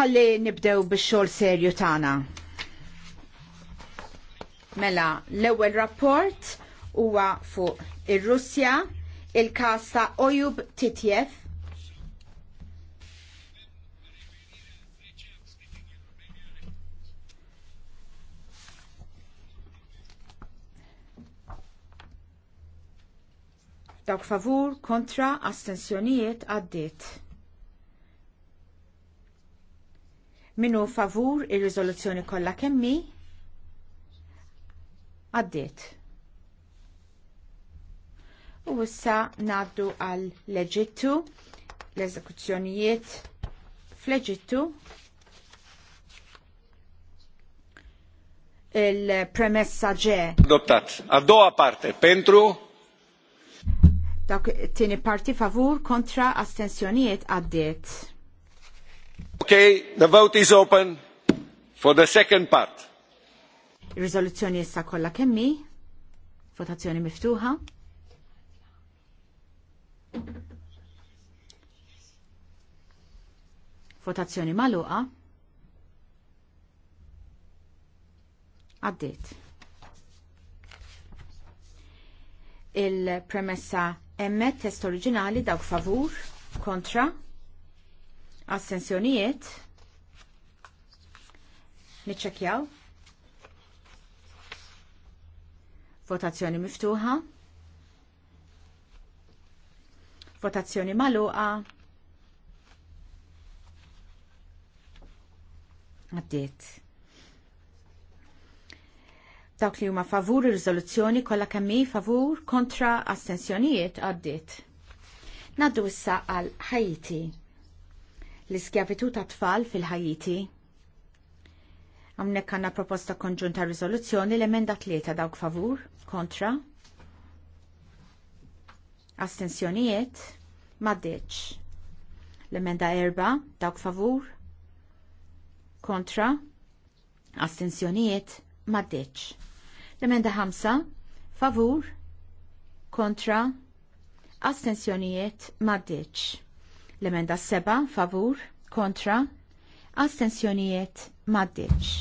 ħalli nibdew bix-xogħol serju tagħna. Mela, l-ewwel rapport huwa fuq ir-Russja il każ ta' Oyub Titjev dawk favur kontra astensjonijiet għaddiet. Minu favur ir-riżoluzzjoni kollha kemm mi? Għaddiet. U issa naddu għal leġittu eġittu l-eżekuzzjonijiet fl-Eġittu. Il-premessa ġe. Adottat. Addoa parte. Pentru? Dak tini parti favur kontra astensjonijiet għaddiet. Okay, the vote is open for the second part. Ir-riżoluzzjoni issa kollha kemm hi? Votazzjoni miftuħa? Votazzjoni magħluqa? Għaddiet. Il-premessa emmet test oriġinali dawk favur, kontra, Assenzjonijiet? Niċċekjaw? Votazzjoni miftuħa? Votazzjoni maluqa? Għaddiet. Dawk li huma favur ir-riżoluzzjoni kollha kemm hi favur kontra astensjonijiet għaddiet. Naddu issa għal Ħajti l-iskjavitu ta' tfal fil-ħajiti. Għamnek għanna proposta konġunta rizoluzzjoni l-emenda tlieta dawk favur, kontra, astensjonijiet, maddeċ. L-emenda erba dawk favur, kontra, astensjonijiet, maddeċ. L-emenda ħamsa, favur, kontra, astensjonijiet, maddeċ L-emenda 7 favur kontra astensjonijiet maddiċ.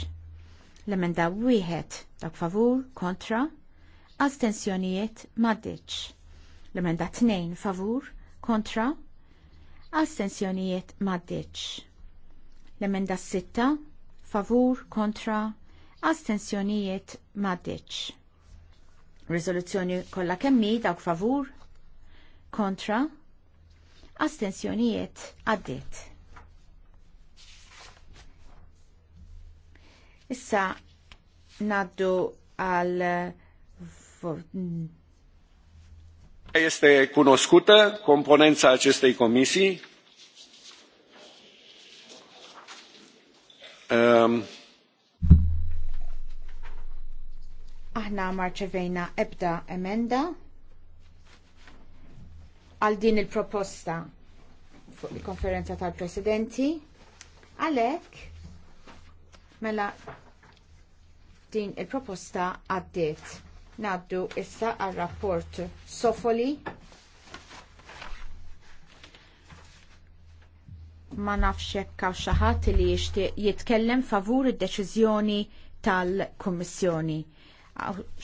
L-emenda 1 dak favur kontra astensjonijiet maddiċ. L-emenda 2 favur kontra astensjonijiet maddiċ. L-emenda 6 favur kontra astensjonijiet maddiċ. Rizoluzzjoni kollha kemmi dawk favur kontra astensjonijiet għaddit. Issa naddu għal Este cunoscută componența acestei comisii. Um... Aħna marċevejna ebda emenda għal din il-proposta fuq il-konferenza tal-presidenti. Għalek, mela din il-proposta għaddit Naddu issa għal rapport Sofoli. Ma nafxek kaw xaħat li jishtiq jitkellem favur id-deċizjoni tal-Kommissjoni.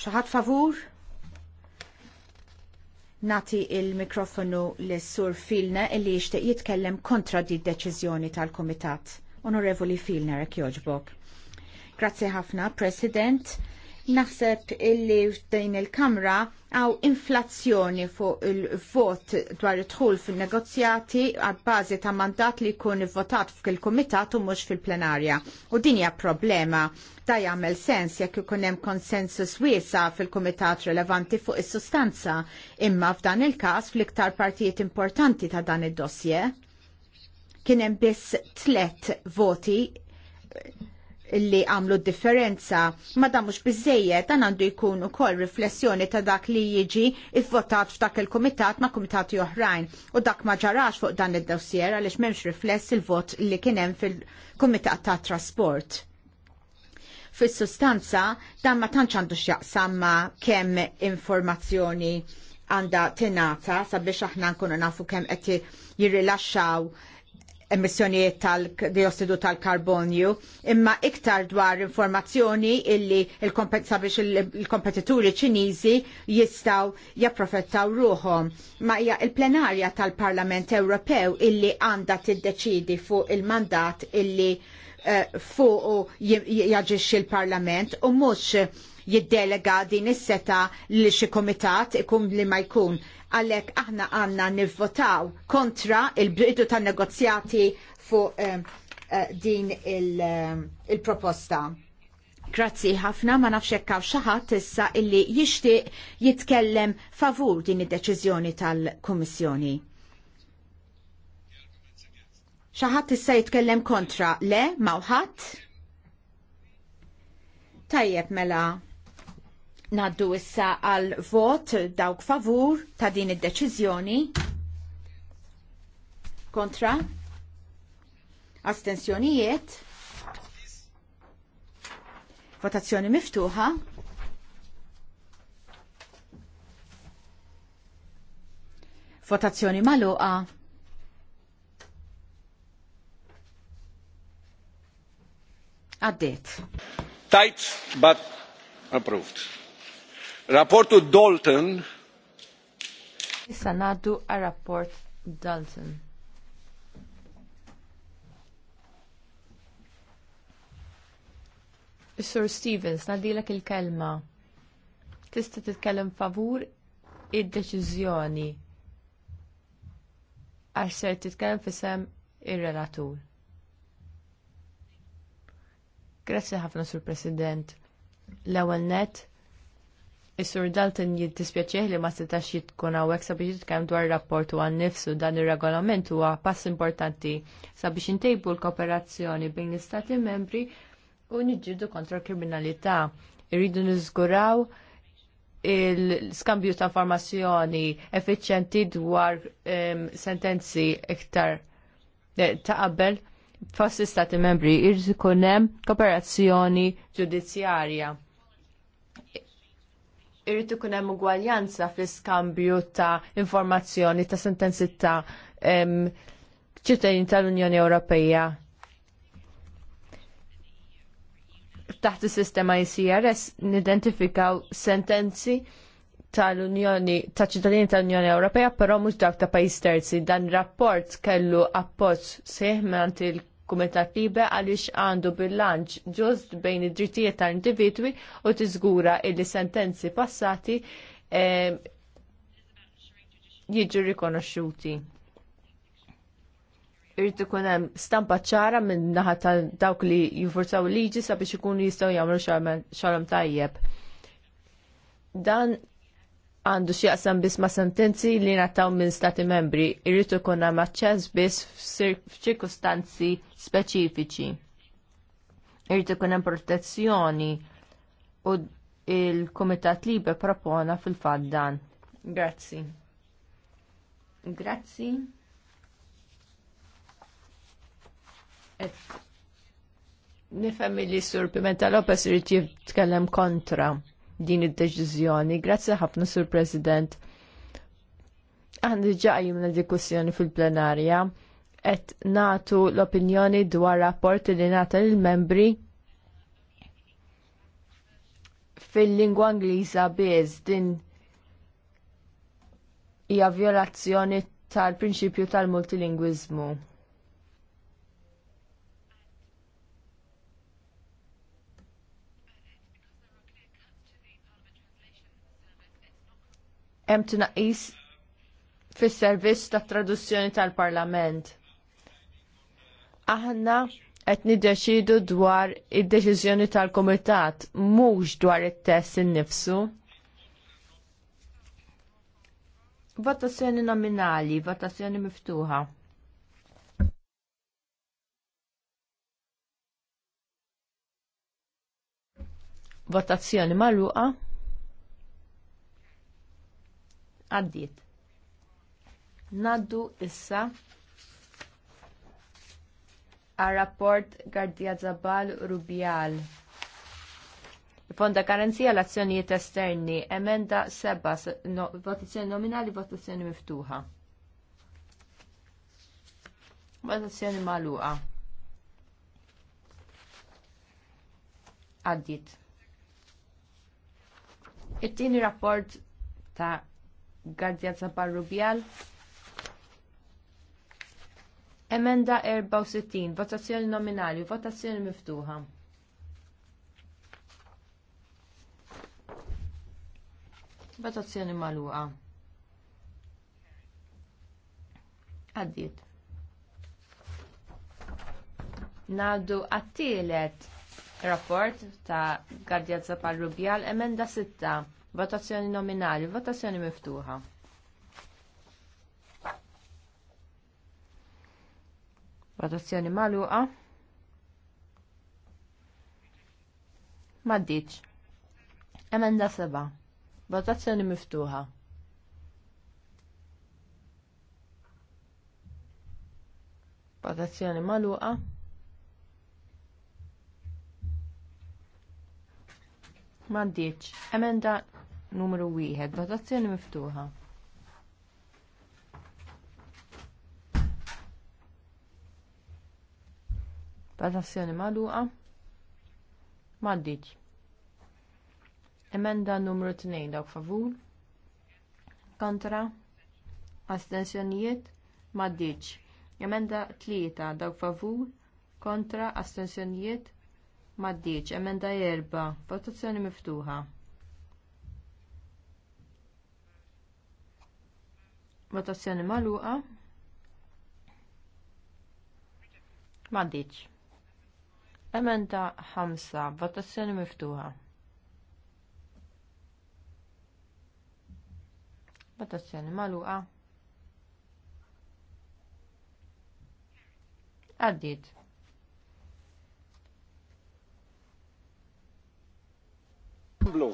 Xaħat favur? Nati il-mikrofonu l-sur Filna illi jixtieq jitkellem kontra di deċiżjoni tal-Komitat. Onorevoli Filna, rek joġbok. Grazzi ħafna, President Naħseb illi f'din il-Kamra għaw inflazzjoni fuq il-vot dwar id-dħul fil-negozjati għad-bazi ta' mandat li jkun votat fil kumitat u mhux fil-plenarja. U din hija problema da jagħmel sens jekk ikun hemm konsensus wiesa fil-kumitat relevanti fuq is-sustanza, imma f'dan il-każ fl-iktar partijiet importanti ta' dan id-dossier kien hemm biss tlet voti li għamlu differenza ma damux bizzejiet dan għandu jkun ukoll riflessjoni ta' dak li jiġi ivvotat f'dak il-komitat ma' komitati oħrajn u dak ma ġarax fuq dan id-dossier għaliex m'hemmx rifless il-vot li kien hemm fil-Kumitat ta' Trasport. Fis-sustanza dan ma tantx għandu x'jaqsam ma' kemm informazzjoni għandha tingħata sabiex aħna nkunu nafu kemm qed jirrilaxxaw emissjonijiet tal-diossidu tal-karbonju, imma iktar dwar informazzjoni illi il il kompetituri ċiniżi jistaw japprofettaw ruħom. Ma hija il-plenarja tal-Parlament Ewropew illi għandha tiddeċidi fuq il-mandat illi Eh, fuq jaġixxi l-Parlament u mhux jiddelega din is-seta li xi komitat ikun li ma jkun għalhekk aħna għandna nivvotaw kontra il-bidu tan-negozjati fuq eh, eh, din il-proposta. Grazzi ħafna ma nafx hekk hawn xi ħadd issa illi jixtieq jitkellem favur din id-deċiżjoni tal-Kummissjoni. Xaħat issa jitkellem kontra le mawħat? Tajjeb mela naddu issa għal vot dawk favur ta' din id-deċiżjoni. Kontra? Astensjonijiet? Votazzjoni miftuħa? Votazzjoni maluqa? Għaddiet. Tight, but approved. Rapportu Dalton. Issa naddu għal rapport Dalton. Sir Stevens, nadilek il-kelma. Tista titkellem favur id-deċiżjoni għax ser titkellem fisem ir-relatur. Grazzi ħafna, Sur President. L-ewwel net, Is-sur Dalton jittispjaċieħ li ma setax jitkun hawnhekk sabiex jitkellem dwar rapport u għan-nifsu dan ir-regolament huwa pass importanti sabiex intejbu l-kooperazzjoni bejn l-istati membri u niġġidu kontra l-kriminalità. Irridu niżguraw il-skambju ta' informazzjoni effiċjenti dwar ehm, sentenzi iktar eh, ta' qabel fost istati membri irrid ikun hemm kooperazzjoni ġudizzjarja. Irritu ikun hemm ugwaljanza fl-iskambju ta' informazzjoni ta' sentenzi ta' ċittadini tal-Unjoni Ewropea taħt is-sistema ICRS nidentifikaw sentenzi tal-Unjoni, ta' ċittadini tal-Unjoni Ewropea, però mhux dawk ta' pajjiż terzi. Dan rapport kellu appoġġ sieħ il kumitat libe għaliex għandu bilanċ ġust bejn id-drittijiet ta' individwi u tiżgura illi sentenzi passati eh, jiġu rikonoxxuti. Irrid ikun hemm stampa ċara minn naħa ta' dawk li jinfurzaw liġi sabiex ikunu jistgħu jagħmlu xarm tajjeb. Dan għandu xieqsam jaqsam biss ma' sentenzi li nataw minn stati membri, irritu ikun hemm aċċess biss f'ċirkustanzi speċifiċi. Irritu ikun hemm protezzjoni u il-Kumitat Libe propona fil faddan dan. Grazzi. Grazzi. Et nifhem li Sur Pimenta Lopez irritu jitkellem kontra din id-deċiżjoni. Grazzi ħafna sur President. Aħna diġà għajimna diskussjoni fil-plenarja qed natu l-opinjoni dwar rapport li nata lill-membri fil-lingwa Ingliża biż din hija violazzjoni tal-prinċipju tal-multilingwiżmu. hemm tnaqqis fis-servizz tat traduzzjoni tal-Parlament. Aħna qed niddeċidu dwar id-deċiżjoni tal-Kumitat mhux dwar it-test innifsu. Votazzjoni nominali, votazzjoni miftuħa. Votazzjoni magħluqa. Għaddiet. Naddu issa għal rapport Gardia Zabal Rubial. Fonda garanzija l-azzjonijiet esterni, emenda seba, no, votazzjoni nominali, votazzjoni miftuħa. Votazzjoni maluqa. Għaddit. It-tieni rapport ta' Gardja Bjal. Emenda 64, votazzjoni nominali, votazzjoni miftuħa. Votazzjoni maluqa. Għaddit. Nadu għattilet Rapport ta' Gardja Zapal Rubjal, emenda 6. Votazzjoni nominali, votazzjoni miftuħa. Votazzjoni maluqa. Maddiċ. Emenda 7. Votazzjoni miftuħa. Votazzjoni maluqa. Mandiċ. Emenda numru 1. Votazzjoni miftuħa. Votazzjoni magħluqa. Mandiċ. Emenda numru 2 dawk favur. Kontra. Astensjonijiet. Maddiċ. Emenda 3 dawk favur. Kontra. Astensjonijiet. Maddiċ, emenda erba, votazzjoni miftuħa. Votazzjoni magħluqa. Maddiċ. Emenda ħamsa, votazzjoni miftuħa. Votazzjoni magħluqa. Addit. Blu.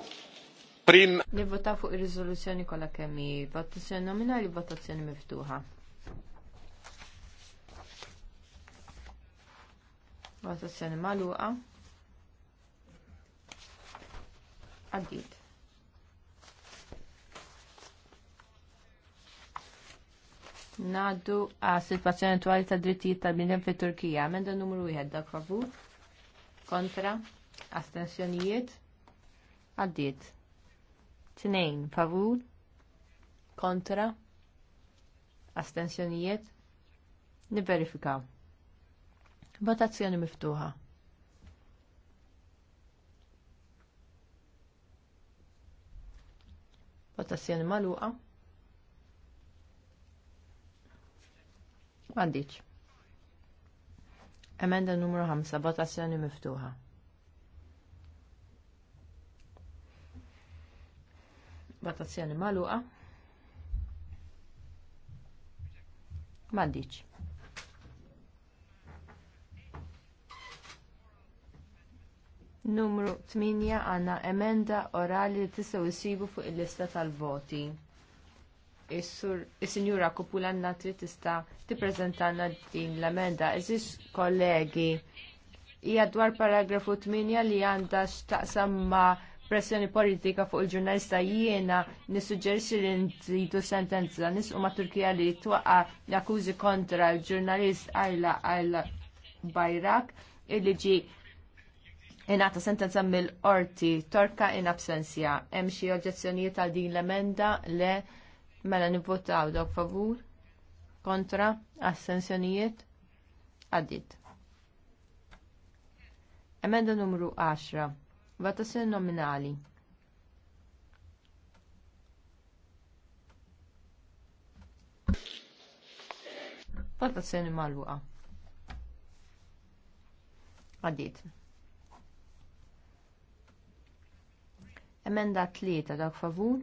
Prim. Nivvota fuq ir-riżoluzzjoni kollha kemm hi votazzjoni nominali votazzjoni miftuħa. Votazzjoni magħluqa. Addit. Naddu għas situazzjoni attuali ta' drittijiet tal-bnidem fit turkija Menda numru wieħed dak favur. Kontra. Astensjonijiet għaddiet. Tnejn favur kontra astensjonijiet Niverifika. Votazzjoni miftuħa. Votazzjoni maluqa. Għaddiċ. Emenda numru 5, votazzjoni miftuħa. Votazzjoni maluqa. Maddiċ. Numru 8 għanna emenda orali li tistaw isibu fuq il-lista tal-voti. Is-sinjura Kupulanna tri tista tista' prezentanna din l-emenda. Eżis kollegi, hija dwar paragrafu 8 li għandha x'taqsam ma' pressjoni politika fuq il-ġurnalista jiena nissuġġerixxi li nżidu sentenza nisqu ma' Turkija li twaqa l-akkużi kontra l-ġurnalist Ayla Ayla Bajrak illi ġi ingħata sentenza mill-qorti torka in absenzja. Hemm xi oġġezzjonijiet għal din l-emenda le mela nivvotaw dawk favur kontra assenzjonijiet għaddit. Emenda numru 10. Votazzjoni nominali. Votazzjoni magħluqa. Għaddiet. Emenda tlieta dak favur.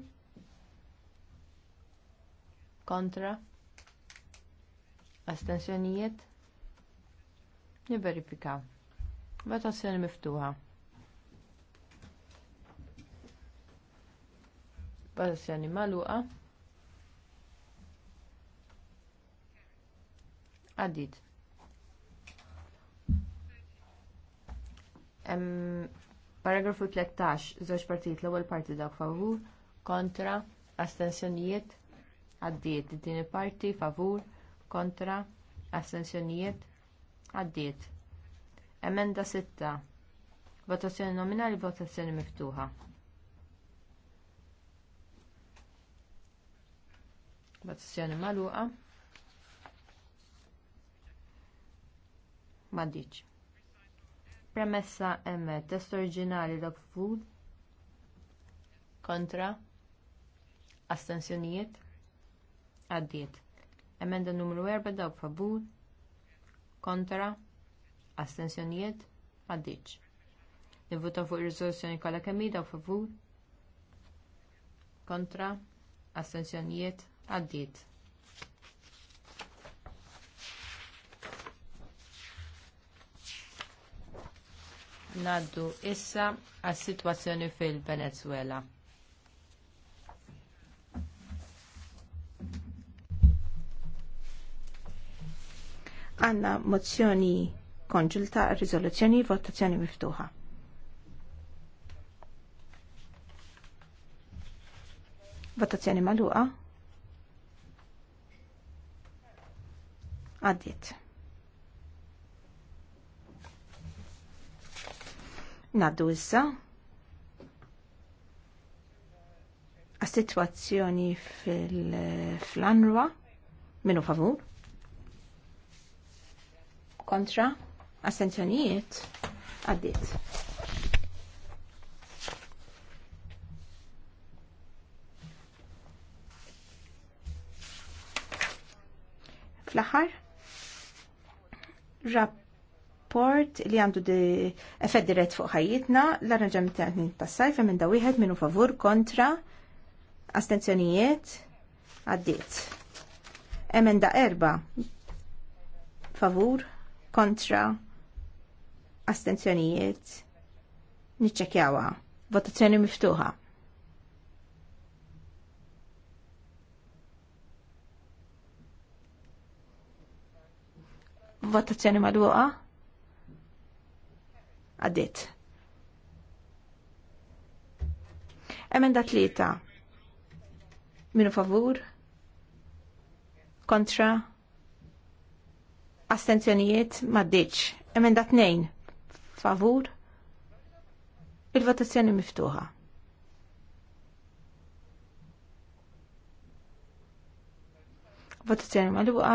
Kontra. Astensjonijiet. Niverifika. Votazzjoni miftuħa. Votazzjoni maluqa. Għadid. Paragrafu 13, żewġ partijiet l-ewwel parti dawk favur, kontra, astensjonijiet, għaddiet. Din parti favur, kontra, astensjonijiet, għaddiet. Emenda 6. Votazzjoni nominali, votazzjoni miftuħa. Bazzjoni maluqa. Maddiċ. Premessa emme test oriġinali dak food. Kontra. Astensjonijiet. Għaddiet. Emenda numru 4 dawk food. Kontra. Astensjonijiet. Għaddiċ. Nivvuta fuq ir-riżoluzzjoni kollha kemm dawk food. Kontra. Astensjonijiet. Għaddit. Naddu issa għas situazzjoni fil-Venezuela. Għanna mozzjoni konġulta, rizoluzzjoni, votazzjoni miftuħa. Votazzjoni maluqa? Għaddit. Naddu issa. A situazzjoni fil-flanrwa. Minu favur? Kontra? Assenzjonijiet? Għaddit. fl-aħħar rapport li għandu di effett dirett fuq ħajjitna, l-arranġament għandni tassajf minn dawiħed wieħed u favur kontra astenzjonijiet għaddiet. Emenda erba favur kontra astenzjonijiet niċċekjawa. Votazzjoni miftuħa. Votazzjoni madwoqa. Għaddit. Emenda tlieta. Minu favur? Kontra? Astenzjonijiet maddiċ. Emenda tnejn. Favur? Il-votazzjoni miftuħa. Votazzjoni maluqa.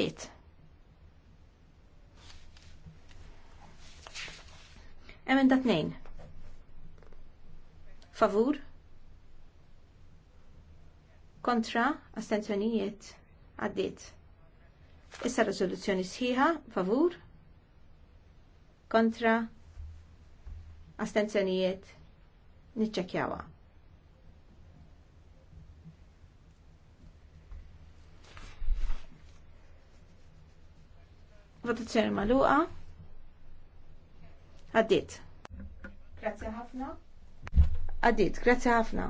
għaddiet. Emenda tnejn. Favur? Kontra? Astenzjonijiet? Għaddiet. Issa rezoluzzjoni sħiħa? Favur? Kontra? Astenzjonijiet? Nitċekjawa. Votazzjoni maluqa. Għaddit. Grazie ħafna. Għaddit, grazie ħafna.